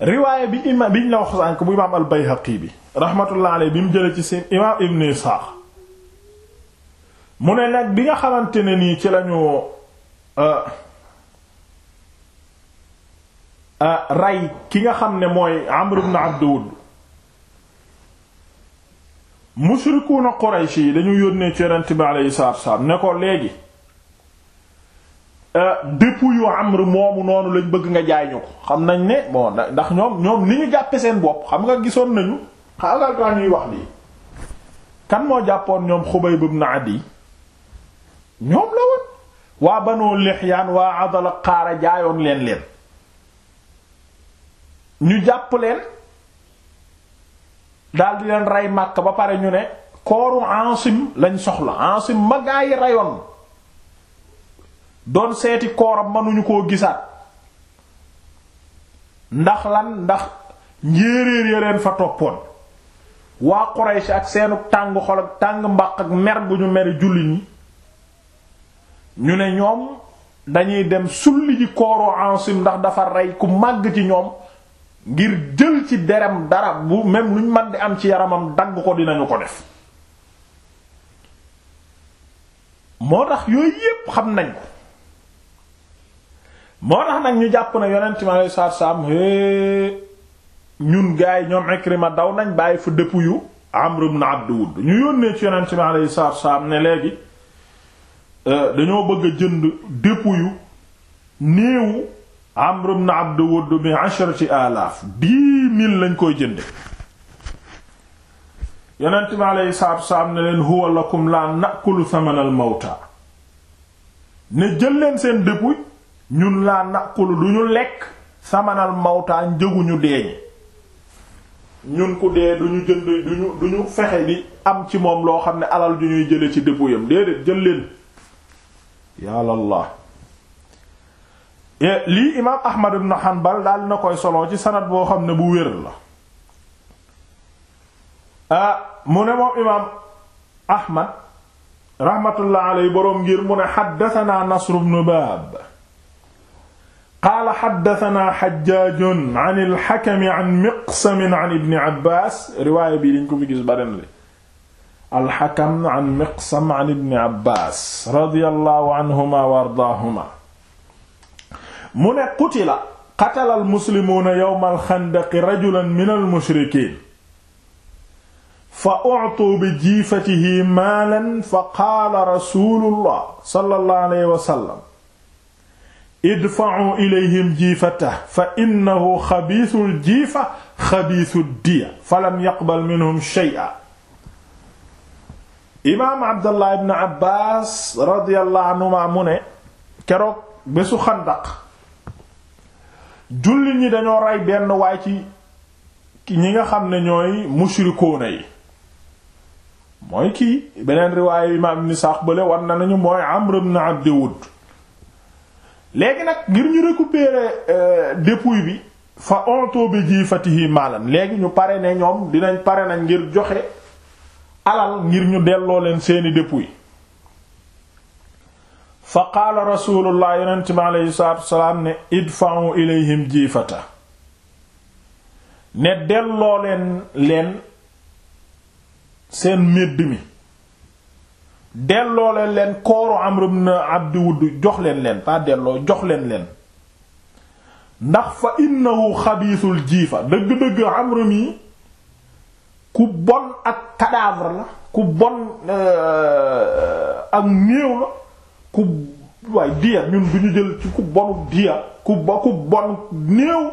riwaaya bi ima biñ la wax sànk bu imaam al bi rahmatullah alayhi bi mu jëlee ci seen imaam Ibn Isxaaq mu ne nag bi nga xamante ne nii ci lañu euh, euh, ray ki nga xam ne mooy Amr ibn Abd Wudd mushrikuuna Quraysh yi dañu yónnee ci Yonent bi alayhi salaatu wa ne ko léegi Euh, dépouille Amr moomu noonu lañ bëgg nga jaay ñu ko xam nañ ne bon ndax ñoom ñoom ni ñu jàppe seen bopp xam nga gisoon nañu xaaral kaa ñuy wax lii kan moo jàppoon ñoom Xubayb ibn Adi ñoom la woon waa Banu Lihyaan waa Adala Qaara jaayoon leen leen ñu jàpp leen daldi leen rey Makka ba pare ñu ne kooru Asim lañ soxla Asim ma gaa yi reyoon doon seeti kooram mënuñu koo gisaat ndax lan ndax njéeréer ya leen fa toppoon waa Quraysh ak seenu tàng xol ak tàng mbaq ak mer gu ñu meri julli ñi ñu ne ñoom dañuy dem sulli ji kooroo Asim ndax dafa rey ku màgg ci ñoom ngir jël ci deram dara bu même luñ man di am ci yaramam dagg ko dinañu ko def moo tax yooyu yépp xam nañ ko moo tax nag ñu jàpp na yonent mi alayhi salaatu salaam hee ñun gaay ñoom Ikrima daw nañ bàyyi fu dëppu yu Amr ibn Abd Wudd ñu yónnee ci yonent mi alayhi salaatu ne léegi euh, dañoo bëgg a jënd dëpp yu néewu Amr ibn Abd Wudd bi asharati alaaf dix mille lañ koy jënde yonent mi alayhi salaatu salaam ne leen huwa lakum la na'kulu thamanal mawta ne jël leen seen dëpp ñun laa naqulu du ñu lekk samanal mawtaa njëguñu deeñi ñun ku dee du ñu jënd duñu du ñu fexe di am ci moom loo xam ne alal ju ñuy jële ci dépouillam déedéet jël leen yàllallah eh, lii imaam ahmad ibn hanbal daal na koy soloo ci sanad boo xam ne bu wér la ah mu ne moom imaam ahmad rahmatullah alayhi boroom ngir mu ne xaddatanaa nasr ibn baab qaala xaddatanaa xajjaajun an alxakami an miqsamin an ibni abbas riwaaya bii liñ ko fi gis baren li alxakam an miqsam an ibni abbas radiyallahu anhuma wa ardaahuma mu ne qutila qatala almuslimuuna yowma alxandaqi rajulan min almushrikiin fa u'tuu bi jiifatihi maalan fa qaala rasuulullah sallallahu alayhi wa sallam idfa'u ilayhim jiifata fa innahu xabiisul jiifa xabiisu diya falam yaqbal minhum shay'a imaam abdallah ibn abbas radiyallahu anhuma mu ne keroog bésu xandaq jullit ñi dañoo rey benn waay ci ñi nga xam ne ñooy mushrikuuna yi mooy kii beneen riwaayu imaam ibn Isaaq bële war na nañu mooy amr ibn abdi léegi nag ngir ñu récupérer euh, dépouille bi fa onto bi ji yi maalan léegi ñu pare ne ñoom dinañ pare nañ ngir joxe alal ngir ñu delloo leen seeni dépouille fa qaala rasulullah yonent bi aleyhi salaatu wasalaam ne idfa'u ilayhim jiifata ne delloo leen leen seen médd mi delloo leen leen kooru Amr ibn Abd Wudd jox leen leen pas delloo jox leen leen ndax fa innahu xabiisul jiifa dëgg-dëgg Amr mi ku bon ak cadavre la ku bon euh, ak néew la ku waaye diya ñun du ñu jël ci ku bonu diya ku ba ku bon néew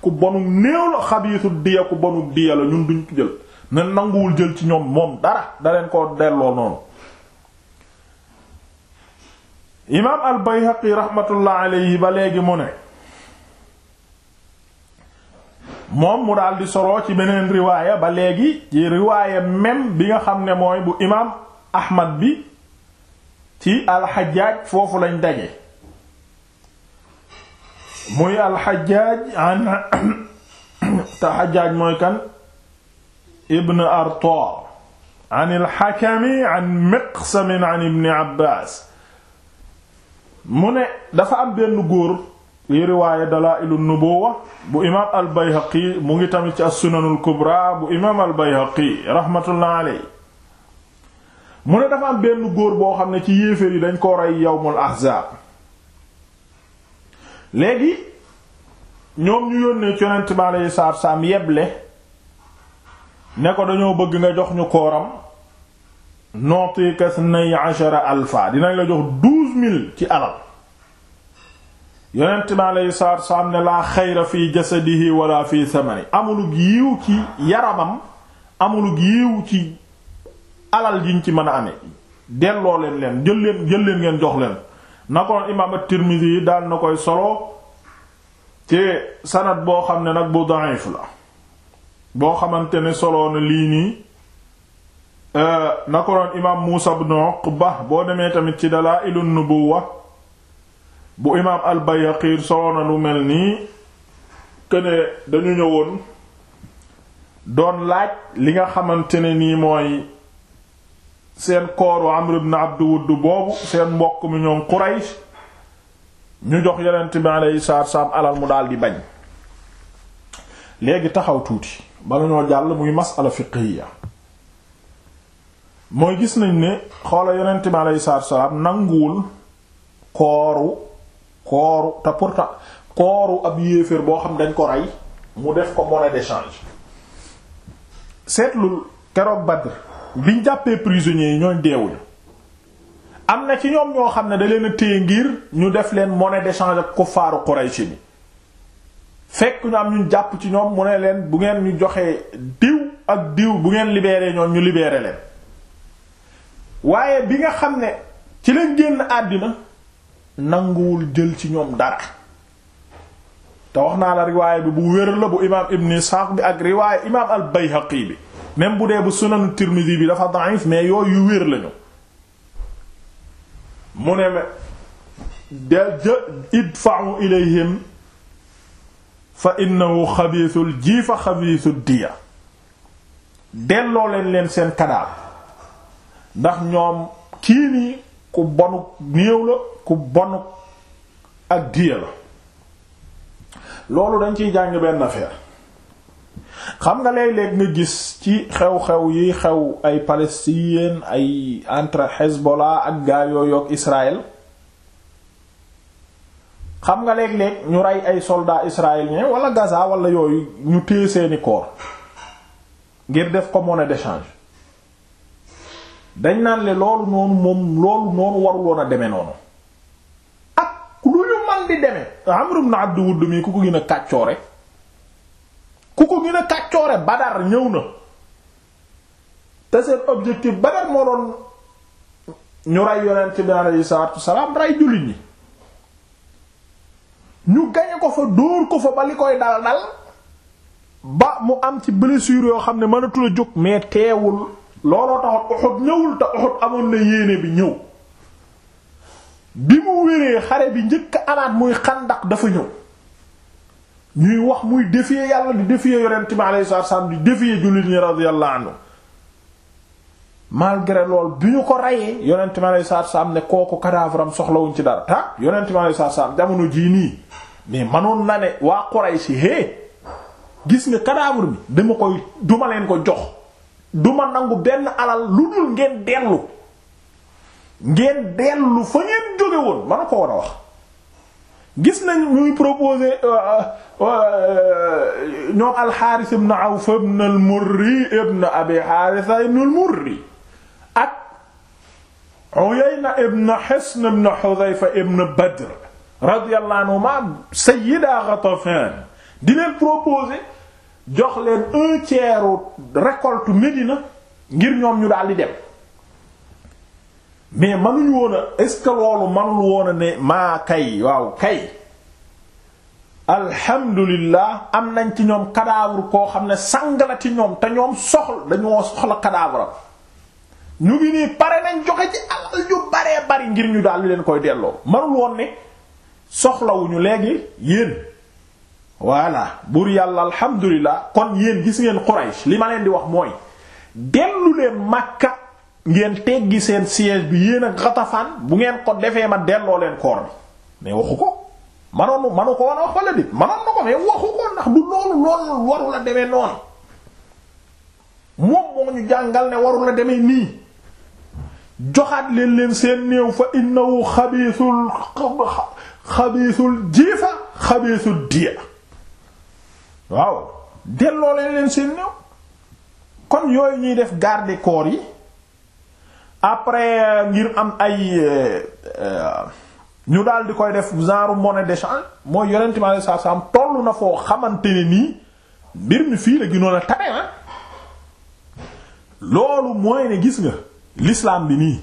ku bonu néew la xabiisul diya ku bonu diya la ñun duñ ko jël na nanguwul jël ci ñoom moom dara daleen leen ko delloo noonu imaam al bayhaqi raxmatullah ba léegi mu ne moom mu daal di ci beneen riwaaya ba léegi ci riwaaya même bi nga xam ne mooy bu imaam ahmad bi ci alxajaaj foofu lañ daje muy alxajaaj an te xajaaj mooy kan ibn arta an alxakami an miqsam an ibni abbas mu ne dafa am benn góor yi riwaaya dalaa'ilu nubuwa bu imaam al bayhaqi mu ngi tamit ci as-sunanul kubra bu imaam al bayhaqi rahmatullah aley mu ne dafa am benn góor boo xam ne ci yéeféer yi dañ ko rey yawmul léegi ñoom ñu yónnee ci yonent bi aleyhi salaatu salaam yeble ne ko dañoo bëgg nga jox ñu kooram nootikas nay ashara alfa dinañ la jox mille ci alal yonent bi aleyhi salaatu wasalaam ne laa xayra fi jasadihi wala fi samani amulu yiw ci yaramam amulu giiw ci alal yiñ ci mën a amee delloo leen leen jël leen jël leen ngeen jox leen na ko imaam at-Tirmidhi yi daal na koy solo ci sanad boo xam ne nag bu da'if la boo xamante ne solo na lii nii na ko noon imaam Muusa ibn Uqba boo demee tamit ci Dalaa'ilun Nubuwwa bu imaam al-Bayhaqi solo na lu mel nii këne dañu ñëwoon doon laaj li nga xamante ne nii mooy seen kooru Amr ibn Abd Wudd boobu seen mbokk mi ñoom Quraysh ñu jox yonent bi alayhi salaatu salaam alal mu daal di bañ léegi taxaw tuuti bala ñoo jàll muy mas'ala fiqhiyya mooy gis nañ ni xoola yonent bi aleyhi salaatu salaam nanguwul kooru kooru te pourtant kooru ab yéeféer boo xam dañ ko rey mu def ko monnaie d'échange seetlul keroog Badr biñ jàppee prisonniers yi ñooñ deewuñu am na ci ñoom ñoo xam ne da leen a ngir ñu def leen monnaie d'échange ak kuffaaru Quraysh bi fekk ñu am ñu jàpp ci ñoom mu ne leen bu ngeen ñu joxee diw ak diw bu ngeen libéré ñoom ñu libéré leen waaye bi nga xam ne ci lañ génn àddina nanguwul jël ci ñoom dara te wax naa la riwaay bi bu wér la bu imaam ibn Isxaaq bi ak riwaay imaam al Bayhaqi bi même bu dee bu sunanu Tirmidhi bi dafa da'if mais yooyu yu wér lañu mu ne ma de idfa'u ilayhim fa innahu xabiisul jiifa xabiisu diya delloo leen leen seen kadaal ndax ñoom kii nii ku bonuk néew la ku bonuk ak diya la loolu dañ ciy jàng benn affaire xam nga léeg-léeg nga gis ci xew-xew yi xew ay palestiniens ay entre Hezbollah ak gaa yooyu ak Israël xam nga léeg-léeg ñu rey ay soldats israéliens wala Gaza wala yooyu ñu téye seeni corps ngir def ko monnaie d'échange dañ naan le loolu noonu moom loolu noonu waruloon a demee noonu ak lu ñu man di demee Amr ibn Abd Wudd mi ku ko gën kàccoore ku ko gën a kàccoore Badar ñëw na te seen objectif Badar moo doon ñu rey yonent bi alayhi salaatu wasalaam rey jullit ñi ñu gañe ko fa dóor ko fa ba li koy dal dal ba mu am ci blessure yoo xam ne mënatul a jóg mais teewul looloo taxoon Uhud ñëwul te Uhud amoon na yéene bi ñëw bi mu wéree xare bi njëkk amaat muy xandak dafa ñëw ñuy wax muy défier yàlla di défier yonent bi alayhi salaatu wasallam di défier jullit ñi radiyallahu anhu malgré lool bi ñu ko reyee yonent bi alayhi salaatu ne kooku cadavre soxlawuñ ci dara ta ah yonent bi alayhi jamono jii nii mais manoon na ne waa Quraysh hé gis nga cadavre bi dama koy duma leen ko jox du ma nangu benn alal lu dul ngeen dellu ngeen dellu fa ngeen jóge woon man ko war a wax gis nañ ñuy proposé euh, euh, euh, ñoom alxaaris ibn Awf ibn al-Murri ibn Abi Haarisa ibn al-Murri ak Uyayna ibn Hisn ibn Hudhayfa ibn Badr radiyallahu anhuma sayyida Ghatafan di leen proposé jox leen un tiers récolte Médina ngir ñoom ñu daal di dem mais mënuñu woon a est loolu mënul woon a ne maa kay waaw kay alhamdulillah am nañ ci ñoom cadavre koo xam ne sang la ci ñoom te ñoom soxla dañoo soxla cadavre ñu ngi nii pare nañ joxe ci alal yu baree bari ngir ñu daal di leen koy delloo mënul woon ne soxlawuñu léegi yéen. voilà buur yàlla alhamdulilah kon yéen gis ngeen Quraysh li ma leen di wax mooy dellu leen Makka ngeen teggi seen siège bi yéen ak Ghatafan bu ngeen ko defee ma delloo leen koor bi mais waxu ko manoon manu ko woon a wax wala dit manoon ko mais waxu ko ndax du loolu loolu waru la demee noonu moom moo ñu jàngal ne waru la demee nii joxaat leen leen seen néew fa innahu xabiisul xabiisul jiifa xabiisul diya waaw delloo leen leen seen néew kon yooyu ñuy def garde corps yi après euh, ngir am ay euh, euh, ñu daal di koy def genre monnaie d'échange mooy yonent mi saa salaatu salaam tollu na foo xamante nii mbir mi fii la gënoon a tare ah loolu mooy ne gis nga l'islam bi nii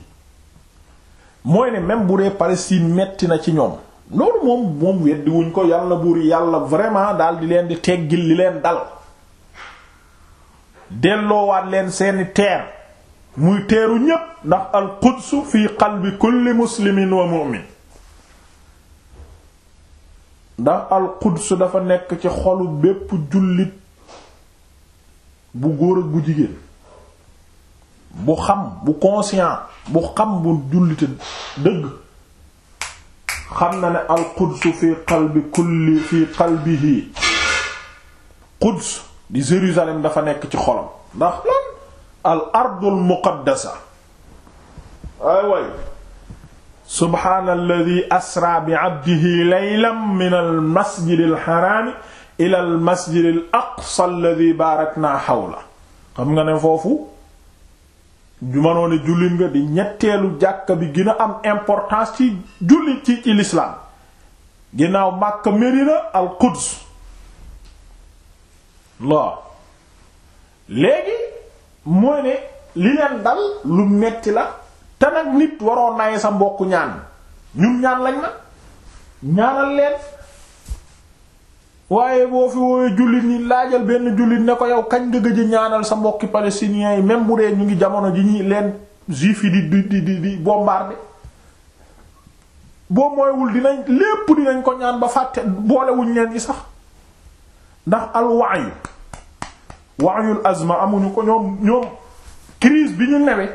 mooy ne même bu dee Palestine metti na ci ñoom loolu moom moom weddi ko yàlla buur yàlla vraiment daal di leen di teggil li leen dal delloowaat leen seeni teer muy teeru ñépp ndax al quds fi qalbi kulli muslimin wa mu'min ndax al quds dafa nekk ci xolu bépp jullit bu góor bu jigéen bu xam bu conscient bu xam bu jullite dëgg xam na ne al quds fi qalbi kulli fi qalbihi quds di Jérusalem dafa nekk ci xolam ndax lan al ardul muqaddasa ay way subhaana alladi asra bi abdihi laylan min al masjid al haraam ila al masjid al aqsa alladi baarakna hawla xam nga ne foofu ju mënoon ne jullit nga di ñetteelu jàkk bi gën a am importance ci jullit ci ci l'islam ginnaaw Makka Medina al Quds la léegi mooy ne li leen dal lu metti la te nag nit waroon naye sa mbokk ñaan ñun ñaan lañ na ñaanal leen waaye boo fi woowee jullit ñi laajal benn jullit ne ko yow kañ nga ñaanal sa mbokki palestiniens yi même bu dee ñu ngi jamono ji ñuy leen juif yi di di di di bombardé boo mooywul dinañ lépp dinañ ko ñaan ba fàtte boolewuñ leen yi sax ndax al wa'yu wa'yul azma amuñu ko ñoom ñoom crise bi ñu newe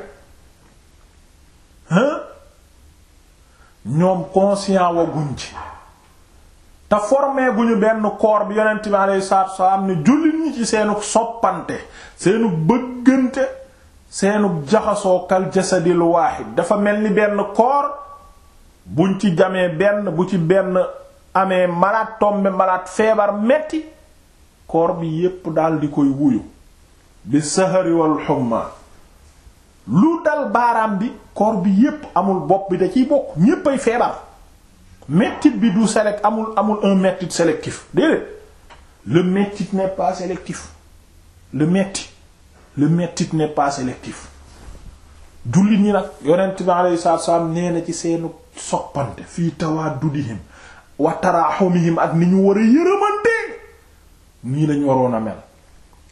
hein ñoom conscient waguñ ci te forme gu ñu benn koor bi yonent bi alayhi salaatu wa salaam jullit ñi ci seenu soppante seenu bëggante seenu jaxasoo kal jasadil dafa mel ni benn corps buñ ci jamee benn bu ci benn amee malade tombé malade feebar metti corps bi yépp dal di koy wuyu bi sahari wal lu dal baaraam bi corps bi yépp amul bopp bi da ciy bokk ñépp ay feebar mettit bi du sélect amul amul un mettit sélectif déedéet le mettit n'est pas sélectif le metti le mettit n'est pas sélectif jullit ñi nag yonent bi alayhi salaatu salaam nee ci seenu soppante fii tawaddudihim wa tarahumihim ak ni ñu war a yërëmante nii lañ waroon a mel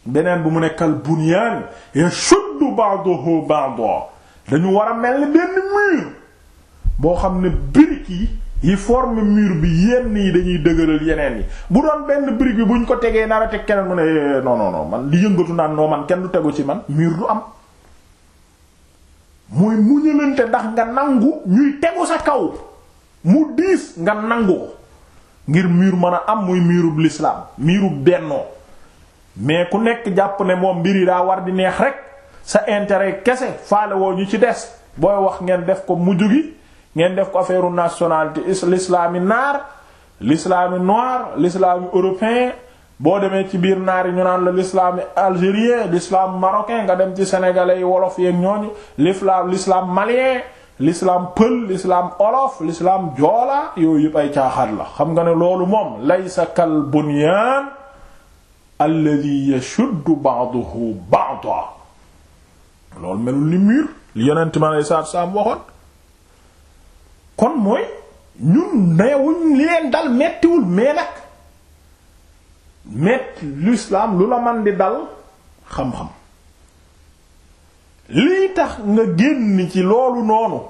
beneen bu mu nekkal bunyaan yashuddu ba'duhu ba'dan dañu war a mel ni benn mur boo xam ne brique yi yi forme miir bi yenn yi dañuy dëgëral yeneen yi bu doon benn brique bi buñ ko tegee nar a teg keneen mu ne eh, non man di yëngatu naan noo man kenn du tegu ci man miir du am mooy ndax nga nangu tegu sa kaw mu nangu ngir mur mën a am muy murub l'islam murub bennoo mais ku nekk jàpp ne moom mbir yi daa war di neex rek sa intérêt kese faale woo ñu ci des booy wax ngeen def ko mujj gi ngeen def ko affaire nationalité l'islami naar l'islami noir l'islami européen boo demee ci biir naar yi ñu naan la l'islami algérien l'islam marocain nga dem ci sénégalais yi wolof yeeg ñooñu l'islam l'islam malien l'islam pël l'islam olof l'islam joola yooyu yëpp ay caaxaat la xam nga ne loolu moom laysa kal bunyan alladhi yashuddu ba'dahu ba'da loolu melul ni mur li yonent ma lay saab saab waxoon kon mooy ñun neewuñ li leen dal mettiwul mais nag metti l'islam lu la man di dal xam-xam lii tax nga génn ci loolu noonu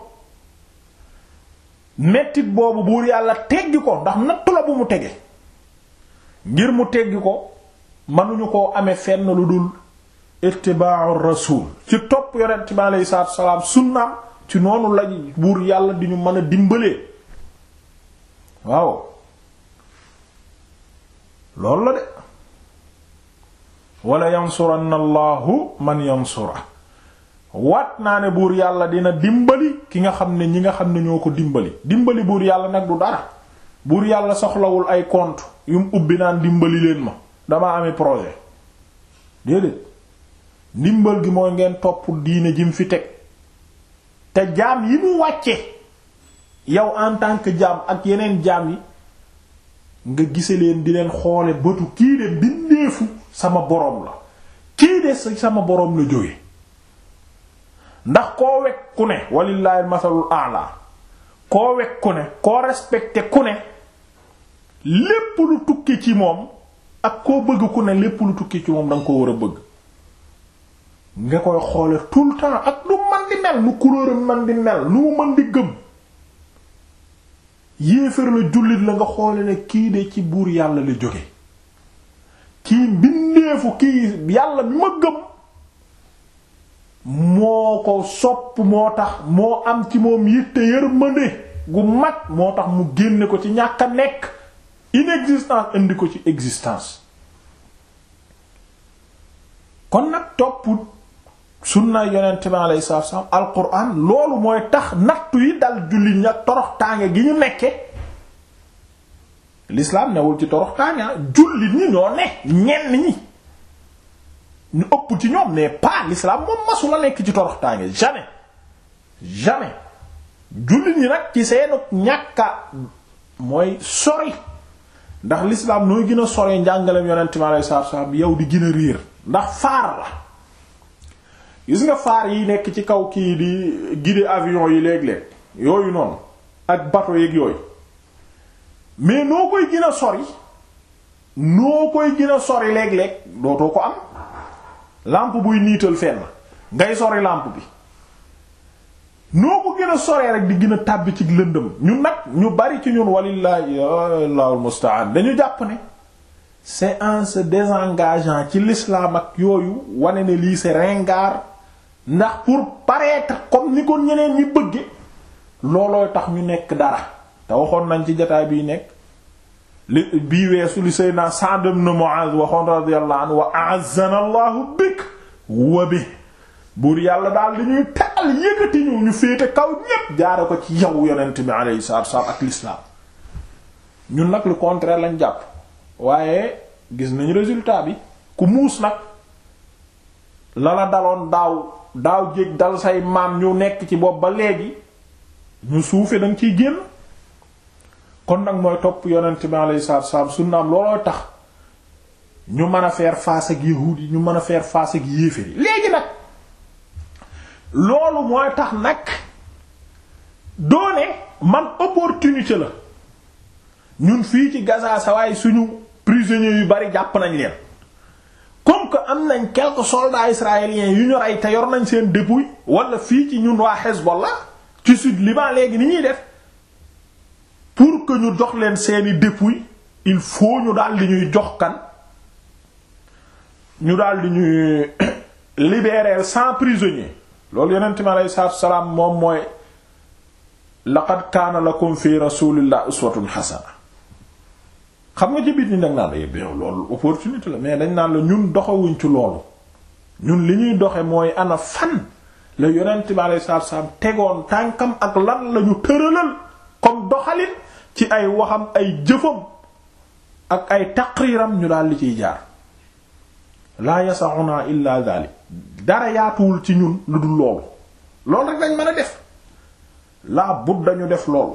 mettit boobu buur yàlla teggi ko ndax nattu la bu mu tege ngir mu teggi ko mënuñu koo amee fenn lu dul ittiba'ur rasul ci topp yonent bi aleyhi salaatu wa salaam sunnaam ci noonu lañ buur yàlla di ñu mën a dimbalee waaw loolu la de wala yansuranna allahu man yansura waat naa ne buur yàlla dina dimbali ki nga xam ne ñi nga xam ne ñoo ko dimbali dimbali buur yàlla nag du dara buur yàlla soxlawul ay kont yum ubbi naan dimbali leen ma damaa amee projet déedéet dimbal gi mooy ngeen topp diine jim fi teg te jaam yi mu wàcce yow en tant que jaam ak yeneen jaam yi nga gise leen di leen xoole bëtu kii de bindeefu sama boroom la kii de sama boroom la jóge ndax koo wekk ku ne walillahi masalul a'la koo wekk ku ne respecté ku ne lépp lu tukki ci moom ak koo bëgg ku ne lépp lu tukki ci moom danga ko war a bëgg nga koy xoole tout ak lu di man di mel lu mu mën di gëm yéefar la jullit la nga xoole ne kii de ci buur yàlla la jóge kii mbindeefu kii yàlla bi ma gëm moo ko sopp moo tax moo am ci moom yitte yërmande gu mat moo tax mu génne ko ci ñàkk a nekk inexistence indi ko ci existence kon nag topp sunnaay yonent bi alayhi salaatu wa salaam alquran loolu mooy tax nattu yi dal julli ña torox tànge gi ñu nekke l'islam newul ci torox tànge julli ñi ñoo ne ñenn ñi ñu ëpp ci ñoom mais pas l'islam moom masu la nekk ci torox tànge jamais jamais julli ñi nag ci seenu ñàkka mooy sori ndax l'islam nooy gën a sori njàngaleem yonent bi alayhi salaatu wa salaam yow di gën a réer ndax faar gis nga faar yi nekk ci kaw kii di guider avion yi léeg-léeg yooyu noonu ak bateau yeeg yooyu mais noo koy gën a sori noo koy gën sori léeg-léeg dootoo ko am lampe buy niital fenn ngay sori làmp bi noo ko gën a soree rek di gën a tàbbi ci lëndëm ñu nag ñu bari ci ñun walillahi allahul musta'an dañu jàpp ne c'est en se ci lislaam ak yooyu wane ne lii c'est ringard ndax pour paraître comme ni ko ñeneen ñi bëgge loolooy tax ñu nekk dara te waxoon nañ ci jotaay bii nekk li bii weesu li Seydina Sa'd ibn Mu'adh waxoon radiyallahu anhu wa a'azzana Allahu bik wa bi buur yàlla daal li ñuy taal yëkkati ñu ñu féete kaw ñépp jaare ko ci yow yonent bi alayhi salaatu wa salaam ak l'islam ñun nag lu contraire lañ jàpp waaye gis nañ résultat bi ku muus nag la la daloon daaw daaw jéeg dal say maam ñu nekk ci bopp ba léegi ñu suufe danga ciy génn kon nag mooy topp yonent bi alayhi salaatu wassalaam sunnaam looloo tax ñu mën a faire face ak yahuud yi ñu mën a faire face ak yéeféer yi léegi nag loolu mooy tax nag doone man opportunité la ñun fii ci Gaza waaye suñu prisonniers yu bari jàpp nañ leen comme que am nañ quelques soldats israéliens yu ñu rey te yor nañ seen dépouille wala fii ci ñun waa Hezbollah ci sud Liban léegi ni ñuy def pour que ñu jox leen seeni dépouille il faut ñu daal di ñuy jox kan ñu daal di ñuy libérer sans prisonnier loolu yonent mi aleyhi salaatu wa salaam moom mooy laqad kaana lakum fi rasuulillah uswatun hasana xam nga ci biir ñi dag naan eh bien loolu la mais dañ naan la ñun doxawuñ ci loolu ñun li ñuy doxe mooy ana fan la yonent bi alayhi salaatu salaam tegoon tànkam ak lan la ñu tëralal comme doxalin ci ay waxam ay jëfam ak ay taqriiram ñu daal li ciy jaar laa yasaxunaa illa dalik dara yaatuwul ci ñun lu dul loolu lool rek lañ mën a def laa bud dañu def loolu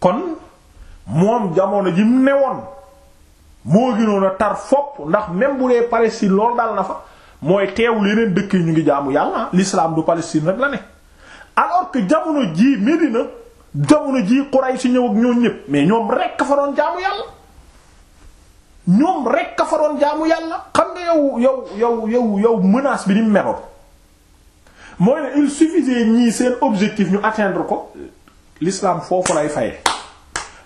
kon moom jamono ji mu newoon moo gënoon a tar fopp ndax même bu dee Palestine loolu dal na fa mooy teewul yeneen dëkk ñu ngi jaamu yàlla lislaam du Palestine rek la ne alors que jamono jii Médina jamono jii Quraysh si ñëw ak ñoom ñëpp mais ñoom rek ka fa doon jaamu yàlla rek ka fa doon jaamu xam nga yow yow yow yow yow menace bi ni mu meloon mooy ne il suffisait ñii seen objectif ñu atteindre ko lislaam foofu lay faye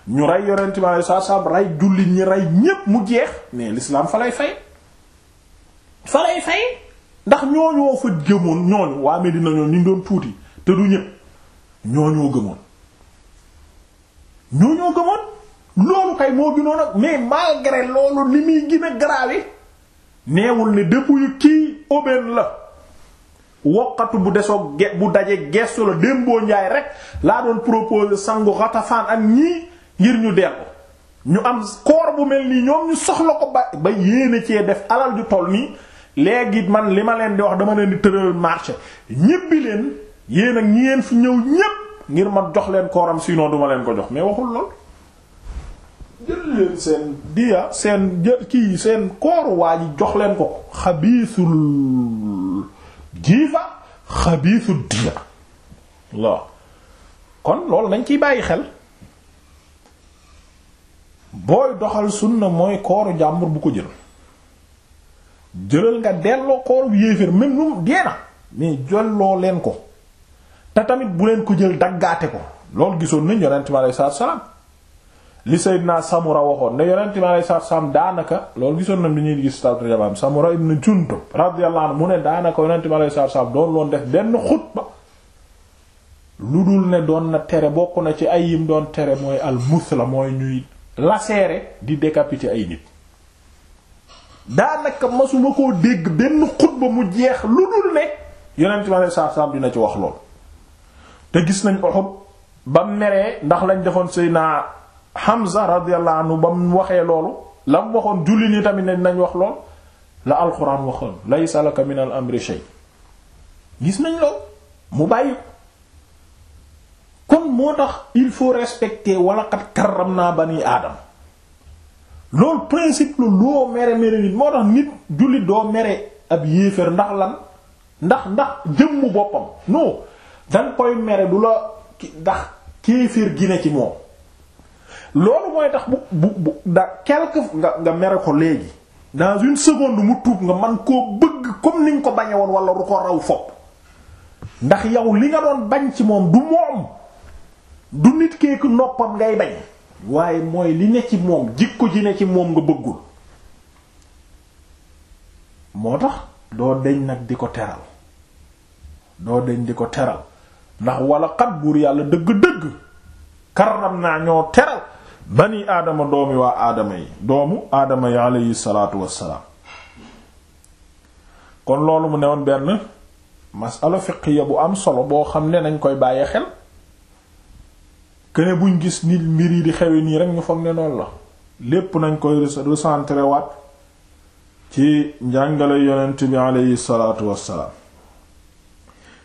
ñu rey yonent bi alei satu rey jullit ñi rey ñépp mu jeex mais l'islam fa lay fay fa lay fay ndax ñooñoo fa gëmoon doon tuuti te du ñépp ñooñoo gëmoon loolu kay moo gënoon ak mais malgré loolu li muy gën a grave neewul ne dëpp yu kii aubaine la wokkatu bu desoog bu daje gestu la démboo njaay rek laa doon proposer sangu Ghatafan ak ñii ngir ñu dellu ñu am koor bu mel nii ñoom ñu soxla ko ba ba yéene cee def alal ju toll nii léegi man li ma leen di wax dama leen di tëral marché ñibbi leen yéen ak ñi fi ñëw ñépp ngir ma jox leen kooram sinon duma leen ko jox mais waxul lool jël leen seen diya seen jël kii seen kooru waa ji jox leen ko xabiisul jiifa xabiisul diya waaw kon loolu dañ ciy bàyyi xel booy doxal na mooy kooru jàmbur bu ko jël jëlal nga delloo kooru bu yéeféer même num dee na mais jolloo leen ko te tamit bu leen ko jël daggaate ko loolu gisoon nañ yonent bi aleyhi salaatu salaam li naa Samura waxoon ne yonent bi aleyhi salaatu salaam daanaka loolu gisoon nañ bi ñuy gis tawte jabaam Samura ibn Jundub radiyallahu anhu mu ne daanaka yonent bi aleyhi salaatu salaam doon loon def benn ba lu dul ne doon na tere bokk na ci ay yim doon tere mooy al musla mooy ñuy lacérer di décapiter ay nit daanaka masuma koo dégg benn xutba mu jeex lu dul ne yonent ma ne saab dina ci wax lool te gis nañ Uhud ba meree ndax lañ defoon Seydina Hamza radiyallahu anhu ba mu waxee loolu la mu waxoon julli ñi tamit ne dinañ wax lool la alxuraan waxoon laysa laka min al amri gis nañ lool mu bàyyi moo tax il faut respecter wala kat karram naa bani aadam loolu principe loo mere mere nit moo tax nit jullit doo mere ab yéeféer ndax lan ndax ndax jëmmu boppam non danga koy mere du la ndax kéeféer gi ne ci moom loolu mooy tax bu bu bu da nga nga mere ko léegi dans une seconde mu tuub nga man koo bëgg comme niñ ko bañe woon wala ru ko raw fopp ndax yow li nga doon bañ ci moom du moom du nit keeku noppam ngay bañ waaye mooy li ne ci moom jikko ji ne ci moom nga bëggul moo tax doo deñ nag di ko teral doo deñ di ko teral ndax wala xat buur yàlla dëgg-dëgg karam naa ñoo teral bani aadama doomi waa aadama yi doomu aadama yi alayhi salaatu wassalaam kon loolu mu ne woon benn masala fiqhiya bu am solo boo xam ne nañ koy bàyyi xel kene ñu gis nit mbir yi di xewe nii rek ñu foog ne noonu la lépp nañ koy recentré waat ci njàngale yonent bi aleyhi salaatu wassalaam